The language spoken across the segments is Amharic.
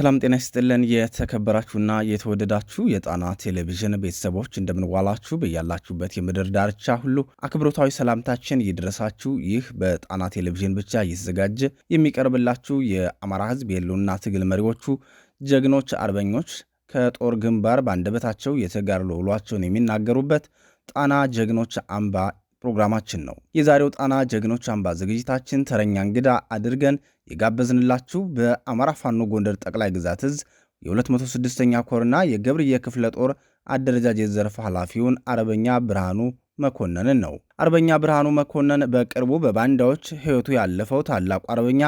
ሰላም ጤና ይስጥልን። የተከበራችሁና የተወደዳችሁ የጣና ቴሌቪዥን ቤተሰቦች እንደምንዋላችሁ፣ በያላችሁበት የምድር ዳርቻ ሁሉ አክብሮታዊ ሰላምታችን ይድረሳችሁ። ይህ በጣና ቴሌቪዥን ብቻ እየተዘጋጀ የሚቀርብላችሁ የአማራ ሕዝብ የህልውና ትግል መሪዎቹ ጀግኖች አርበኞች ከጦር ግንባር በአንደበታቸው የተጋድሎ ውሏቸውን የሚናገሩበት ጣና ጀግኖች አምባ ፕሮግራማችን ነው። የዛሬው ጣና ጀግኖች አምባ ዝግጅታችን ተረኛ እንግዳ አድርገን የጋበዝንላችሁ በአማራ ፋኖ ጎንደር ጠቅላይ ግዛት እዝ የ206ኛ ኮርና የገብርዬ ክፍለ ጦር አደረጃጀት ዘርፍ ኃላፊውን አርበኛ ብርሃኑ መኮንንን ነው። አርበኛ ብርሃኑ መኮንን በቅርቡ በባንዳዎች ሕይወቱ ያለፈው ታላቁ አርበኛ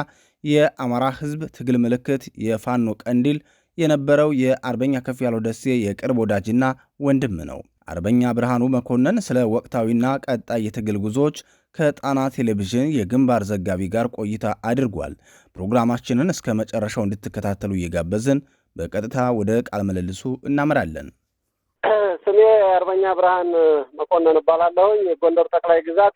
የአማራ ሕዝብ ትግል ምልክት የፋኖ ቀንዲል የነበረው የአርበኛ ከፍ ያለው ደሴ የቅርብ ወዳጅና ወንድም ነው። አርበኛ ብርሃኑ መኮንን ስለ ወቅታዊና ቀጣይ የትግል ጉዞዎች ከጣና ቴሌቪዥን የግንባር ዘጋቢ ጋር ቆይታ አድርጓል። ፕሮግራማችንን እስከ መጨረሻው እንድትከታተሉ እየጋበዝን በቀጥታ ወደ ቃል ምልልሱ እናመራለን። ስሜ አርበኛ ብርሃን መኮንን እባላለሁኝ። የጎንደር ጠቅላይ ግዛት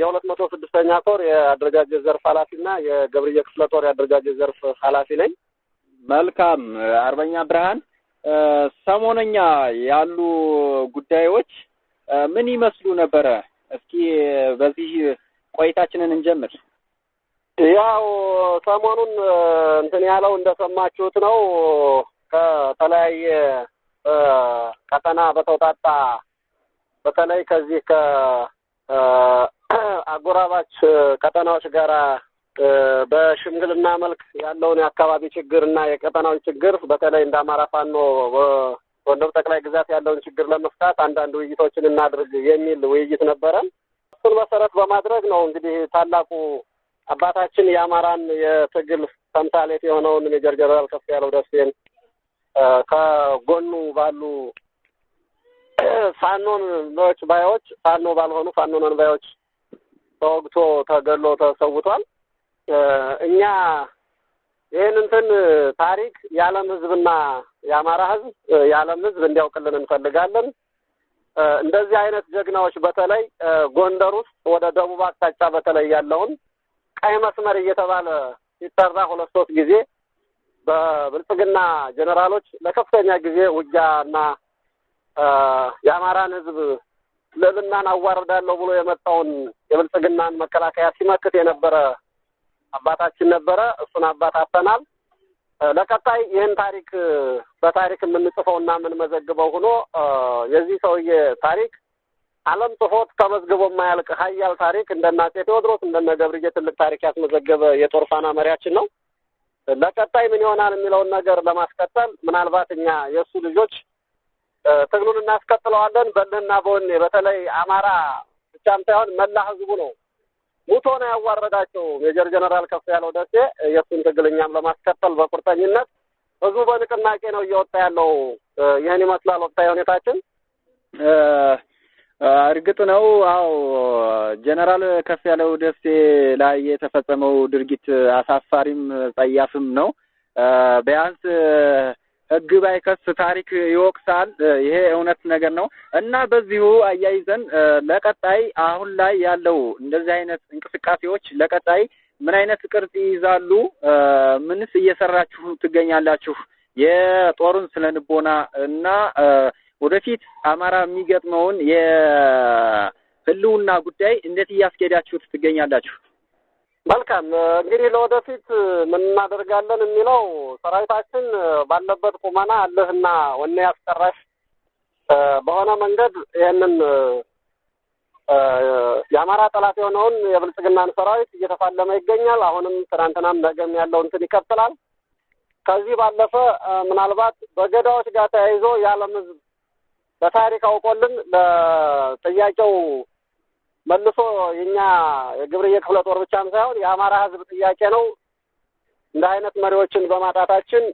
የሁለት መቶ ስድስተኛ ኮር የአደረጃጀት ዘርፍ ኃላፊ እና የገብርዬ ክፍለ ጦር የአደረጃጀት ዘርፍ ኃላፊ ነኝ። መልካም አርበኛ ብርሃን ሰሞነኛ ያሉ ጉዳዮች ምን ይመስሉ ነበረ? እስኪ በዚህ ቆይታችንን እንጀምር። ያው ሰሞኑን እንትን ያለው እንደሰማችሁት ነው። ከተለያየ ቀጠና በተውጣጣ በተለይ ከዚህ ከአጎራባች ቀጠናዎች ጋራ በሽምግልና መልክ ያለውን የአካባቢ ችግርና የቀጠናዊ ችግር በተለይ እንደ አማራ ፋኖ ጎንደር ጠቅላይ ግዛት ያለውን ችግር ለመፍታት አንዳንድ ውይይቶችን እናድርግ የሚል ውይይት ነበረን። እሱን መሰረት በማድረግ ነው እንግዲህ ታላቁ አባታችን የአማራን የትግል ተምሳሌት የሆነውን ሜጀር ጀነራል ያለው ደሴን ከጎኑ ባሉ ፋኖን ኖች ባዮች ፋኖ ባልሆኑ ፋኖ ነን ባዮች ተወግቶ ተገሎ ተሰውቷል። እኛ ይህን እንትን ታሪክ የዓለም ህዝብና የአማራ ህዝብ የዓለም ህዝብ እንዲያውቅልን እንፈልጋለን። እንደዚህ አይነት ጀግናዎች በተለይ ጎንደር ውስጥ ወደ ደቡብ አቅጣጫ በተለይ ያለውን ቀይ መስመር እየተባለ ሲጠራ ሁለት ሶስት ጊዜ በብልጽግና ጀኔራሎች ለከፍተኛ ጊዜ ውጊያና የአማራን ህዝብ ልዕልናን አዋርዳለሁ ብሎ የመጣውን የብልጽግናን መከላከያ ሲመክት የነበረ አባታችን ነበረ። እሱን አባት አፈናል። ለቀጣይ ይህን ታሪክ በታሪክ የምንጽፈው እና የምንመዘግበው ሆኖ የዚህ ሰውዬ ታሪክ ዓለም ጽፎት ተመዝግቦ የማያልቅ ሀያል ታሪክ እንደነ አፄ ቴዎድሮስ እንደነ ገብርዬ ትልቅ ታሪክ ያስመዘገበ የጦር ፋና መሪያችን ነው። ለቀጣይ ምን ይሆናል የሚለውን ነገር ለማስቀጠል ምናልባት እኛ የእሱ ልጆች ትግሉን እናስቀጥለዋለን። በልህና በወኔ በተለይ አማራ ብቻም ሳይሆን መላ ህዝቡ ነው ሙቶ ነው ያዋረዳቸው። ሜጀር ጀነራል ከፍ ያለው ደሴ የእሱን ትግልኛም ለማስከተል በቁርጠኝነት ህዝቡ በንቅናቄ ነው እየወጣ ያለው። ይህን ይመስላል ወቅታዊ ሁኔታችን። እርግጥ ነው አው ጀነራል ከፍ ያለው ደሴ ላይ የተፈጸመው ድርጊት አሳፋሪም ጸያፍም ነው ቢያንስ ህግ ባይከስ ታሪክ ይወቅሳል። ይሄ እውነት ነገር ነው እና በዚሁ አያይዘን ለቀጣይ አሁን ላይ ያለው እንደዚህ አይነት እንቅስቃሴዎች ለቀጣይ ምን አይነት ቅርጽ ይይዛሉ? ምንስ እየሰራችሁ ትገኛላችሁ? የጦሩን ስነ ልቦና እና ወደፊት አማራ የሚገጥመውን የህልውና ጉዳይ እንዴት እያስኬዳችሁት ትገኛላችሁ? መልካም እንግዲህ ለወደፊት ምን እናደርጋለን የሚለው ሰራዊታችን ባለበት ቁመና አለህና ወኔ ያስቀራሽ በሆነ መንገድ ይህንን የአማራ ጠላት የሆነውን የብልጽግናን ሰራዊት እየተፋለመ ይገኛል። አሁንም ትናንትናም ነገም ያለው እንትን ይቀጥላል። ከዚህ ባለፈ ምናልባት በገዳዎች ጋር ተያይዞ የዓለም ሕዝብ በታሪክ አውቆልን ለጥያቄው መልሶ የእኛ የግብርዬ ክፍለ ጦር ብቻም ሳይሆን የአማራ ህዝብ ጥያቄ ነው። እንደ አይነት መሪዎችን በማጣታችን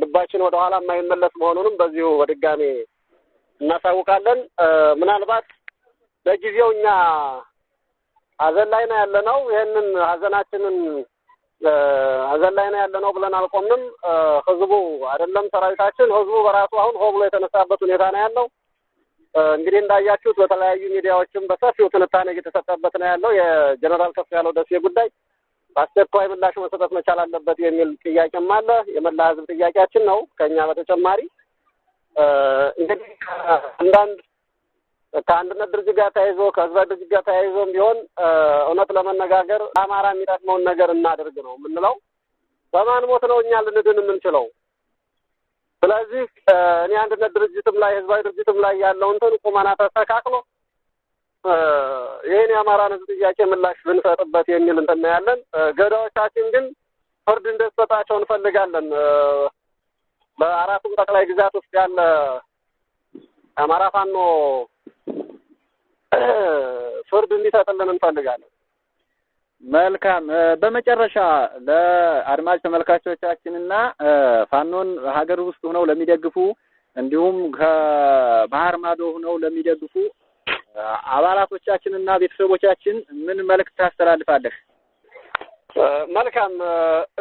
ልባችን ወደ ኋላ የማይመለስ መሆኑንም በዚሁ በድጋሜ እናሳውቃለን። ምናልባት በጊዜው እኛ ሀዘን ላይ ነው ያለነው። ይህንን ሀዘናችንን ሀዘን ላይ ነው ነው ብለን አልቆምንም። ህዝቡ አይደለም ሰራዊታችን፣ ህዝቡ በራሱ አሁን ሆ ብሎ የተነሳበት ሁኔታ ነው ያለው። እንግዲህ እንዳያችሁት በተለያዩ ሚዲያዎችም በሰፊው ትንታኔ እየተሰጠበት ነው ያለው። የጀነራል ከፍ ያለው ደሴ ጉዳይ በአስቸኳይ ምላሽ መሰጠት መቻል አለበት የሚል ጥያቄም አለ። የመላ ህዝብ ጥያቄያችን ነው። ከኛ በተጨማሪ እንግዲህ አንዳንድ ከአንድነት ድርጅት ጋር ተያይዞ ከህዝባዊ ድርጅት ጋር ተያይዞም ቢሆን እውነት ለመነጋገር አማራ የሚጠቅመውን ነገር እናደርግ ነው የምንለው። በማን ሞት ነው እኛ ልንድን የምንችለው? ስለዚህ እኔ አንድነት ድርጅትም ላይ ህዝባዊ ድርጅትም ላይ ያለው እንትን ቁመና ተስተካክሎ ይህን የአማራን ህዝብ ጥያቄ ምላሽ ብንሰጥበት የሚል እንትን ያለን። ገዳዎቻችን ግን ፍርድ እንደሰጣቸው እንፈልጋለን። በአራቱም ጠቅላይ ግዛት ውስጥ ያለ የአማራ ፋኖ ፍርድ እንዲሰጥልን እንፈልጋለን። መልካም። በመጨረሻ ለአድማጭ ተመልካቾቻችንና ፋኖን ሀገር ውስጥ ሆነው ለሚደግፉ እንዲሁም ከባህር ማዶ ሆነው ለሚደግፉ አባላቶቻችንና ቤተሰቦቻችን ምን መልዕክት ታስተላልፋለህ? መልካም።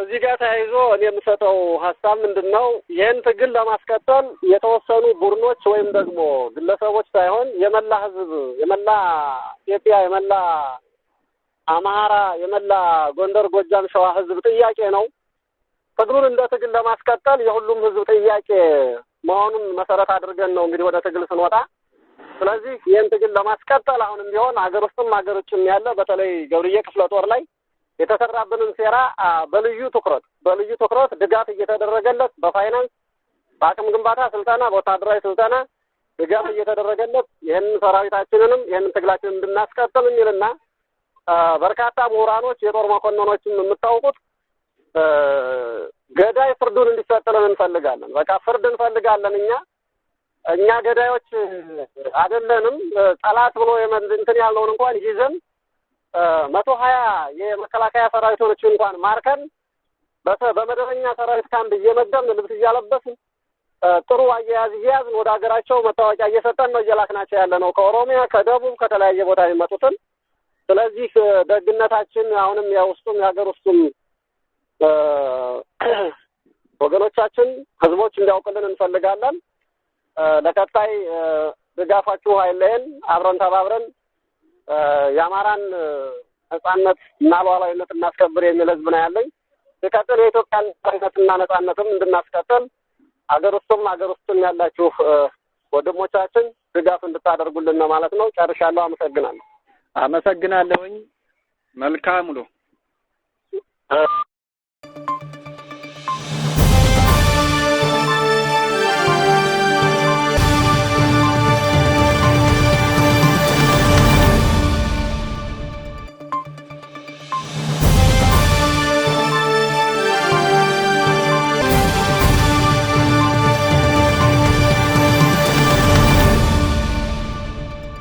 እዚህ ጋር ተያይዞ እኔ የምሰጠው ሀሳብ ምንድን ነው? ይህን ትግል ለማስቀጠል የተወሰኑ ቡድኖች ወይም ደግሞ ግለሰቦች ሳይሆን የመላ ህዝብ የመላ ኢትዮጵያ የመላ አማራ የመላ ጎንደር፣ ጎጃም፣ ሸዋ ህዝብ ጥያቄ ነው። ትግሉን እንደ ትግል ለማስቀጠል የሁሉም ህዝብ ጥያቄ መሆኑን መሰረት አድርገን ነው እንግዲህ ወደ ትግል ስንወጣ። ስለዚህ ይህን ትግል ለማስቀጠል አሁንም ቢሆን አገር ውስጥም አገር ውጭም ያለ በተለይ ገብርዬ ክፍለ ጦር ላይ የተሰራብንን ሴራ በልዩ ትኩረት በልዩ ትኩረት ድጋፍ እየተደረገለት በፋይናንስ በአቅም ግንባታ ስልጠና፣ በወታደራዊ ስልጠና ድጋፍ እየተደረገለት ይህንን ሰራዊታችንንም ይህንን ትግላችንን እንድናስቀጥል የሚልና በርካታ ምሁራኖች፣ የጦር መኮንኖችም የምታውቁት ገዳይ ፍርዱን እንዲሰጥልን እንፈልጋለን። በቃ ፍርድ እንፈልጋለን። እኛ እኛ ገዳዮች አይደለንም። ጠላት ብሎ እንትን ያለውን እንኳን ይዘን መቶ ሀያ የመከላከያ ሰራዊቶች እንኳን ማርከን በመደበኛ ሰራዊት ካምፕ እየመደብን ልብስ እያለበስን ጥሩ አያያዝ እየያዝን ወደ ሀገራቸው መታወቂያ እየሰጠን ነው እየላክናቸው ያለ ነው። ከኦሮሚያ ከደቡብ ከተለያየ ቦታ የሚመጡትን ስለዚህ ደግነታችን አሁንም የውስጡም የሀገር ውስጡም ወገኖቻችን ህዝቦች እንዲያውቅልን እንፈልጋለን። ለቀጣይ ድጋፋችሁ አይለየን። አብረን ተባብረን የአማራን ነጻነት እና ሉዓላዊነት እናስከብር የሚል ህዝብ ነው ያለኝ። ሲቀጥል የኢትዮጵያን ሉዓላዊነትና ነጻነትም እንድናስቀጥል አገር ውስጡም አገር ውስጥም ያላችሁ ወንድሞቻችን ድጋፍ እንድታደርጉልን ነው ማለት ነው። ጨርሻለሁ። አመሰግናለሁ። አመሰግናለሁኝ። መልካም ውሎ